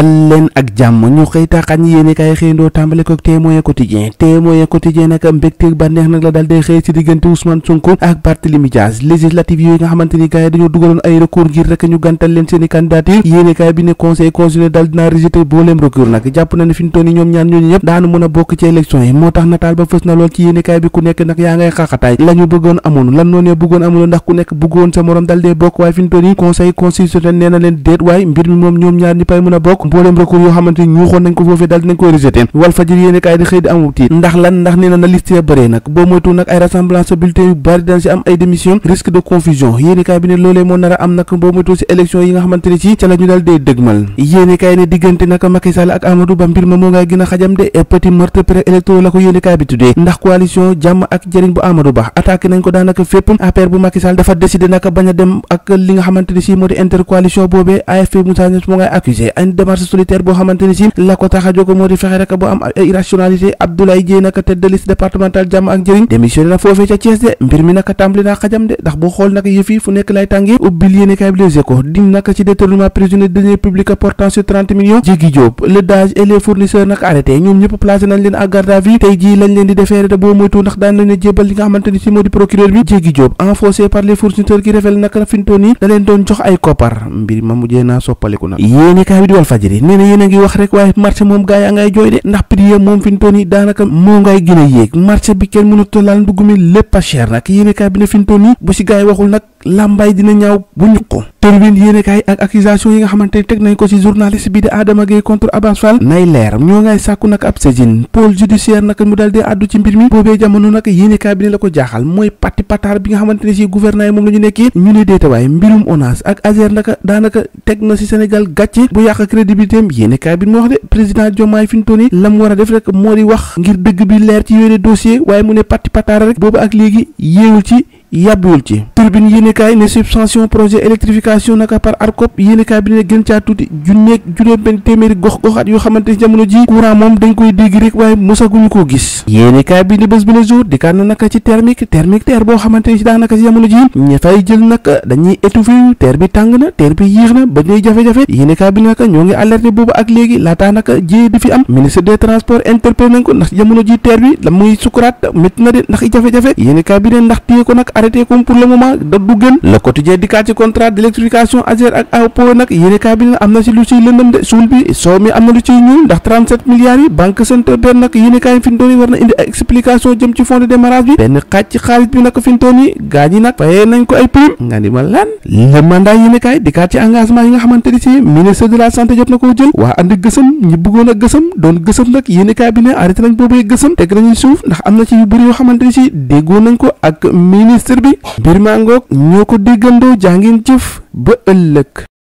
dal leen ak jàmm ñu xëy taxañ yéene kaay xëyndoo tàmbale ko témoin quotidien témoin quotidien nag mbégteeg bànneex nag la daal xëy ci diggante Ousmane Sonko ak Barthélemy Dias législative yooyu nga xamante ni gars dugaloon ay recours ngir rek ñu gàntal leen seen i candidature bi ne conseil constitutionnel daal dinaa booleem recours nag jàpp na ne fi ñoom ñaar ñooñu ñëpp daanu mën a bokk ci élection yi moo tax nataal ba fës na mbolem rek yoo xamanteni ñu xon nañ ko fofé dal dinañ ko rejeter wal fajir yene kay di xey di amu tiit ndax lan ndax nee na liste ya bëree nak bo moytu nak ay rassemblance bulletin yu bari daan ci am ay démission risque de confusion yene kay bi ne lolé mo nara am nak bo moytu ci élection yi nga xamanteni ci ci ca la ñu daal dee dëgmal yéene kaay ne digënté nak Macky Sall ak Amadou Bambir mo nga moo xajam dé a petit meurtre pré-électoral la ko yene kay bi tuddee ndax coalition jamm ak jëriñ bu Amadou Ba attaqué nañ ko daanaka fépp affaire bu Macky Sall dafa décider nak baña dem ak li nga xamanteni ci modi inter coalition bobé AFP Moussa Niass mo nga accusé ay démarche solitaire boo xamante si la ko tax a moo di fexe rek bu am irrationalité Abdoulaye Dièye naka tête de liste départementale jàmm ak njëriñ démissionné na foofee ca Thiès de mbir mi naka tàmbali naa xajam de ndax boo xool naka yëf fu nekk lay tàngee ubbil yéene bi Les defeere de boo moytu ndax daan nañu jébal li nga xamante si moo di procureur bi Jigi Diop enfoncé par les fournisseurs qui naka fintoon yi da doon jox ay koppar Walfadjri nee a ngi wax rek waaye marché moom gaa yaa ngay jooy de ndax prix moom fi ñu toll moo ngay gën a yéeg marché bi kenn mënu tolaal ndugg lépp a cher nag yéen bi ne la ko jaaxal mooy patti pataar bi nga xamante ne si gouvernement moom la nekkee ñu ne déetawaay mbirum ONAS ak ASER nag daanaka teg na si Sénégal gàcce bu yàq crédit crédibilité am yéene kaay bi mu wax de président Diomaye fi la mu war a def rek moo di wax ngir dëgg bi leer ci yooyu dossier waaye mu ne parti pataara rek boobu ak léegi yéewul ci yàbbiwul ci turbine yéenekaay ne subvention projet électrification naka par ARCOP yéenekaay bi ne gën caa tuuti junneeg juróom benn téeméeri gox goxaat yoo xamante ne ji courant moom dañ koy dégg rek koo gis yéenekaay bi ne bés bi le jour di kaan na naka ci thermique thermique terre boo xamante ne si daanaka si jamono ji ña fay jël nag dañuy étouffé yu terre bi tàng na terre bi yéex na ba ñuy jafe-jafe yéenekaay bi naka ñoo ngi alerté boobu ak léegi laataa naka jiyee di fi am ministre des transports interpellé nañ ko ndax jamono ji terre bi la muy sukuraat na de ndax i jafe-jafe yéenekaay bi ne ndax ko nag arrêté xaaj ci xaalis bi nag fi mu toll nii gaa ñi nañ ko ay prime nga ni ma lan le mandat yéene kaay dikkaat ci engagement yi nga xamante ni si ministre de la santé jot na koo jël waa andi gësëm ñi bëggoon a gësëm doon gësëm nag yéene bi ne arrêté nañ boobee gësëm teg nañu suuf ndax am na ci yu bëri xamante ni si déggoon nañ ko ak ministre ministre bi mbir maa ngoog ñoo ko déggandoo jaa ngeen jëf ba ëllëg